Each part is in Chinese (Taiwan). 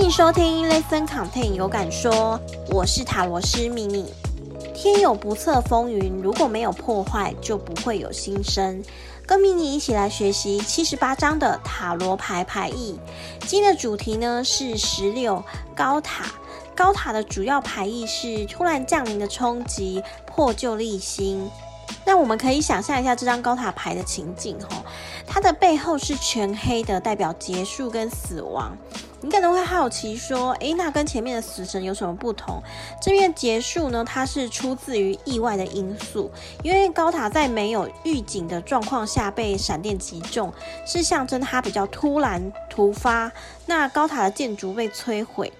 歡迎收聽 Listen Content 有感說，我是塔羅師 mini。天有不測風雲，如果沒有破壞，就不會有新生。跟 mini 一起來學習七十八張的塔羅牌牌意。今天的主題呢是十六高塔。高塔的主要牌意是突然降臨的衝擊，破舊立新。那我們可以想象一下這張高塔牌的情景齁，它的背後是全黑的，代表結束跟死亡。你可能會好奇說，誒、欸，那跟前面的死神有什麼不同？這邊結束呢，它是出自於意外的因素，因為高塔在沒有預警的狀況下被閃電擊中，是象徵它比較突然突發。那高塔的建築被摧毀。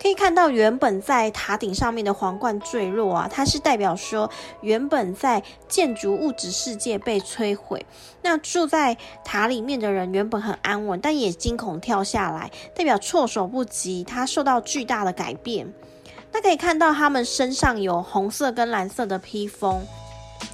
可以看到原本在塔頂上面的皇冠墜落啊，它是代表說原本在建築物質世界被摧毀。那住在塔裡面的人原本很安穩，但也驚恐跳下來，代表措手不及，他受到巨大的改變。那可以看到他們身上有紅色跟藍色的披風，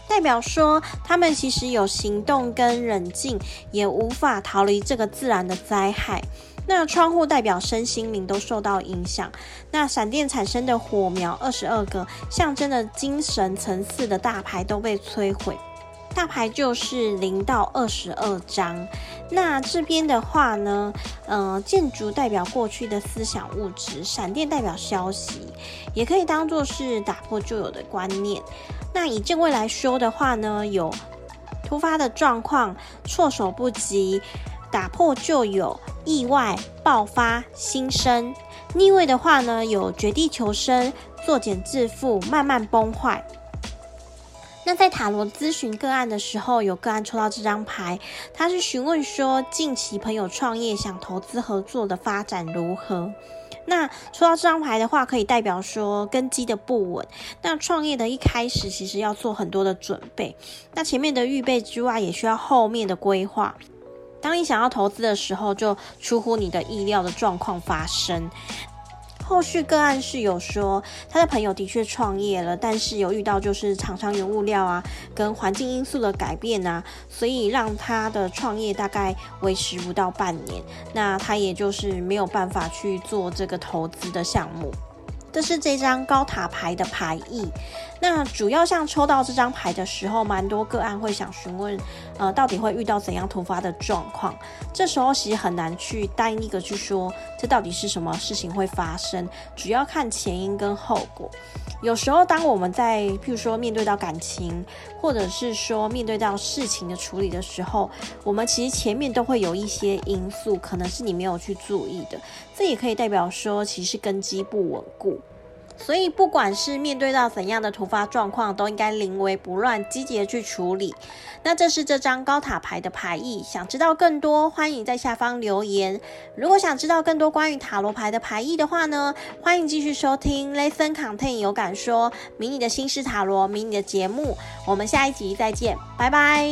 代表說他們其實有行動跟冷靜，也無法逃離這個自然的災害。那窗戶代表身心靈都受到影響。那閃電產生的火苗二十二個，象徵的精神層次的大牌都被摧毀。大牌就是零到二十二張。那這邊的話呢，呃，建築代表過去的思想物質，閃電代表消息，也可以當做是打破舊有的觀念。那以正位來說的話呢，有突發的狀況，措手不及，打破舊有。意外爆發，新生。逆位的話呢，有絕地求生，作繭自縛，慢慢崩壞。那在塔羅諮詢個案的時候，有個案抽到這張牌，他是詢問說，近期朋友創業想投資合作的發展如何？那抽到這張牌的話，可以代表說根基的不穩。那創業的一開始，其實要做很多的準備。那前面的預備之外，也需要後面的規劃。當你想要投資的時候，就出乎你的意料的狀況發生。後續個案是有說，他的朋友的確創業了，但是有遇到就是廠商原物料啊，跟環境因素的改變啊，所以讓他的創業大概維持不到半年，那他也就是沒有辦法去做這個投資的項目。這是這張高塔牌的牌意，那主要像抽到這張牌的時候，蠻多個案會想詢問，呃，到底會遇到怎樣突發的狀況？這時候其實很難去單一個去說，這到底是什麼事情會發生？主要看前因跟後果。有時候，當我們在譬如說面對到感情，或者是說面對到事情的處理的時候，我們其實前面都會有一些因素，可能是你沒有去注意的。這也可以代表說，其實根基不穩固。所以，不管是面對到怎樣的突發狀況，都應該臨危不亂，積極的去處理。那這是這張高塔牌的牌意。想知道更多，歡迎在下方留言。如果想知道更多關於塔羅牌的牌意的話呢，歡迎繼續收聽 Listen Content 有感說迷你的新式塔羅迷你的節目。我們下一集再見，拜拜。